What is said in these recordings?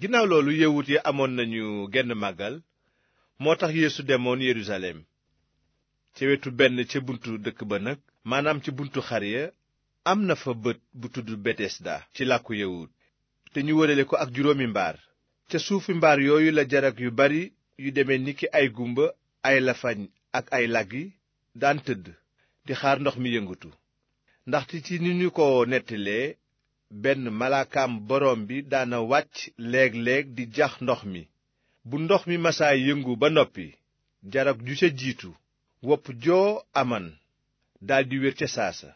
ginnaaw loolu yawut ya amoon nañu genn màggal moo tax yéesu demoon yerusalem ca wetu benn ca buntu dëkk ba nag maanaam ci buntu xar ya am na fa bët bu tudd betesda ci làkku yawut te ñu wërale ko ak juróomi mbaar ca suufi mbaar yooyu la jarak yu bari yu demee niki ay gumba ay lafañ ak ay laggi daan tëdd di xaar ndox mi yëngatu ndaxte ci ni ñu ko nettalee benn malaakaam boroom bi daana wàcc léeg-léeg di jax ndox mi bu ndox mi masaa yëngu ba noppi jarab ju ca jiitu wopp joo aman daldi wér ca saasa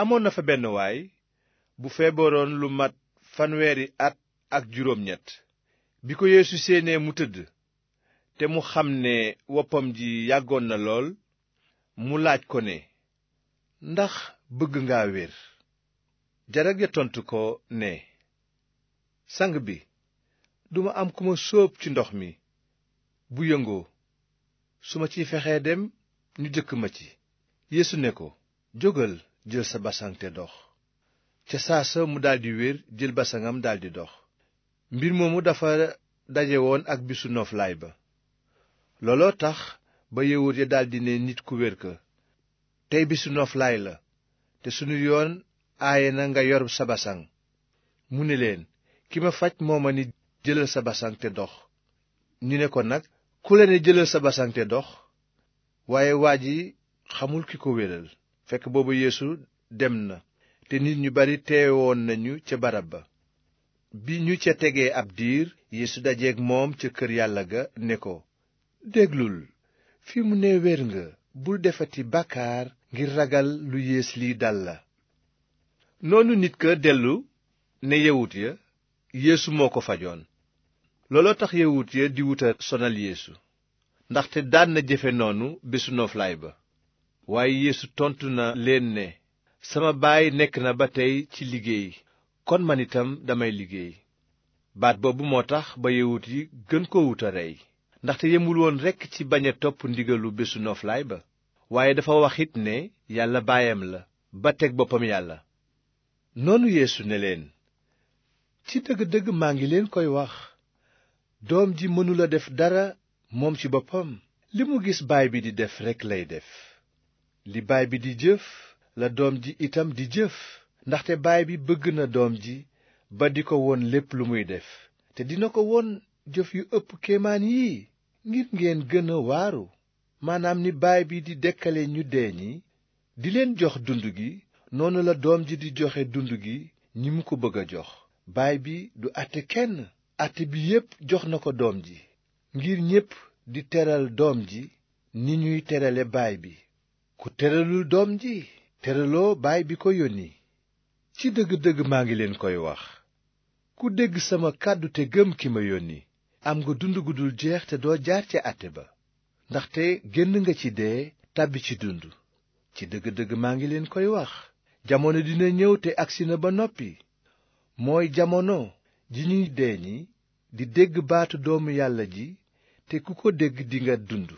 amoon na fa benn waay bu feebaroon lu mat fanweeri at ak juróom ñett bi ko yeesu séenee mu tëdd te mu xam ne woppam ji yàggoon na lool mu laaj ko ne ndax bëgg nga wér jarag ja tontu ko ne sang bi duma am ku ma sóob ci ndox mi bu yëngoo su ma ciy fexee dem ñu jëkk ma ci yeesu ne ko jógal jël sa basang te dox ca saa sa mu daldi wér jël basangam daldi dox mbir moomu dafa daje woon ak bisu noflaay ba looloo tax ba yawut ya daldi ne nit ku wér ka tey bisu noflaay la te sunu yoon aaye na nga yor sa basang mu ni leen ki ma faj moo ma ni jëlal sa basang te dox ñu ne ko nag ku la ne jëlal sa basang te dox waaye waa ji xamul ki ko wéral fekk boobu yéesu dem na te nit ñu bari teewoon nañu ca barab ba bi ñu ca tegee ab diir yeesu dajeeg moom ca kër yàlla ga ne ko déglul fi mu ne wér nga bul defeti bàkkaar ngir ragal lu yées lii dal la noonu nit ko dellu ne yawut ya yeesu moo ko fajoon looloo tax yawut ya di wuta sonal yeesu ndaxte daan na jëfe noonu bésu nooflaay ba waaye yeesu tontu na leen ne sama baay nekk na ba tey ci liggéey kon man itam damay liggéey baat boobu moo tax ba yawut yi gën koo wuta rey ndaxte yemul woon rekk ci bañ a topp ndigalu bésu nooflaay ba waaye dafa wax it ne yàlla baayam la ba teg boppam yàlla noonu yéesu ne leen ci dëgg-dëgg maa ngi leen koy wax doom ji mënula def dara moom ci boppam li mu gis baay bi di def rekk lay def li baay bi di jëf la doom ji itam di jëf ndaxte baay bi bëgg na doom ji ba di ko won lépp lu muy def te dina ko won jëf yu ëpp kemaan yii ngir ngeen gën a waaru maanaam ni baay bi di dëkkale ñu dee ñi di leen jox dund gi noonu la doom ji di joxe dund gi ñi mu ko bëgg a jox baay bi du àtte kenn àtte bi yépp jox na ko doom ji ngir ñépp di teral doom ji ni ñuy terale baay bi ku teralul doom ji teraloo baay bi ko yónni ci dëgg-dëgg maa ngi leen koy wax ku dégg sama kàddu te gëm ki ma yónni am nga dund gu dul jeex te doo jaar ca àtte ba ndaxte génn nga ci dee tàbbi ci dund ci dëgg-dëgg maa ngi leen koy wax jamono dina ñëw te agsi na ba noppi mooy jamono ji ñuy dee ñi di dégg baatu doomu yàlla ji te ku ko dégg dinga dund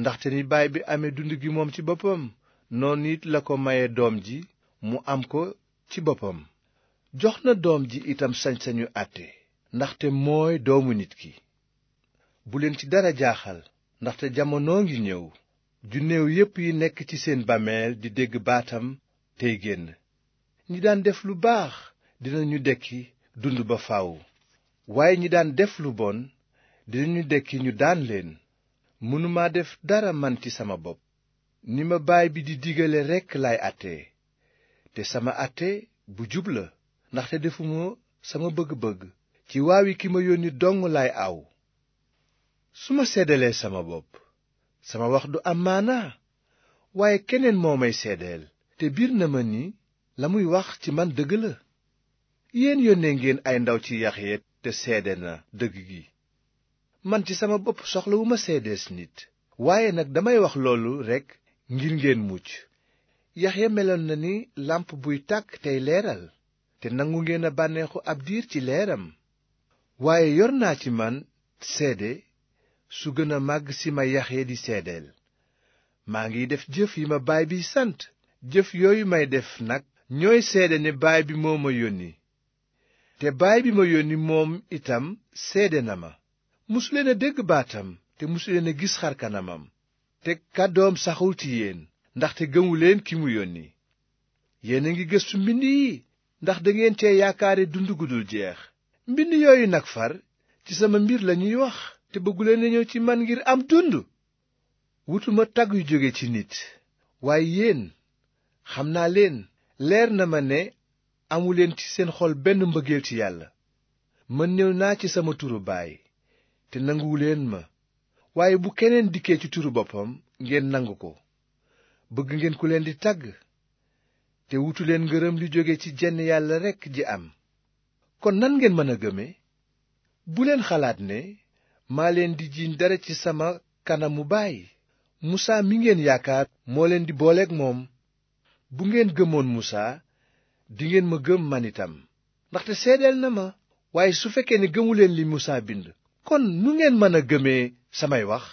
ndaxte ni baay bi amee dund gi moom ci boppam noon it la ko maye doom ji mu am ko ci boppam jox na doom ji itam sañ-sañu àtte ndaxte mooy doomu nit ki bu leen ci dara jaaxal ndaxte jamonoo ngi ñëw ju néew yépp yi nekk ci seen bàmmeel di dégg baatam tey génn ñi daan def lu baax dinañu dekki dund ba faw waaye ñi daan def lu bon dinañu dekki ñu daan leen mënumaa def dara man ci sama bopp ni ma baay bi di digale rekk laay àttee te sama àtte bu jub la ndaxte defuma sama bëgg-bëgg ci waawi ki ma yónni dong laay aw su ma seedalee sama bopp sama wax du am maanaa waaye keneen moo may seedeel te biir na ma ni la muy wax ci man dëgg la yéen yónnee ngeen ay ndaw ci Yaxya te seede na dëgg gi man ci sama bopp soxlawuma seedees nit waaye nag damay wax loolu rekk ngir ngeen mucc Yaxya meloon na ni làmp buy tàkk tey leeral te nangu ngeen a bànneexu ab diir ci leeram waaye yor naa ci man seede su gën a màgg si ma Yaxya di seedeel maa ngi def jëf yi ma baay bi sant jëf yooyu may def nag ñooy seede ne baay bi moo ma yónni te baay bi ma yónni moom itam seede na ma musuleen a dégg baatam te musuleen a gis xarkanamam te kàddoom saxul ci yéen ndaxte gëmuleen ki mu yónni yéen a ngi gëstu mbind yi ndax dangeen cee yaakaare dund gu jeex mbind yooyu nag far ci sama mbir lañuy wax te bëgguleen a ñëw ci man ngir am dund wutuma tag yu jóge ci nit waaye yéen xam naa leen leer na ma ne amuleen ci seen xol benn mbëggeel ci yàlla mën ñëw naa ci sama turu baay te leen ma waaye bu keneen dikkee ci turu boppam ngeen nangu ko bëgg ngeen ku leen di tàgg te leen ngërëm li jóge ci jenn yàlla rekk ji am kon nan ngeen mën a gëme bu leen xalaat ne maa leen di jiin dara ci sama kanamu baay musaa mi ngeen yaakaar moo leen di booleek moom bu ngeen gëmoon musaa dingeen ma gëm man itam ndaxte seedeel na ma waaye su fekkee ne gëmuleen li musaa bind kon nu ngeen mën a gëmee samay wax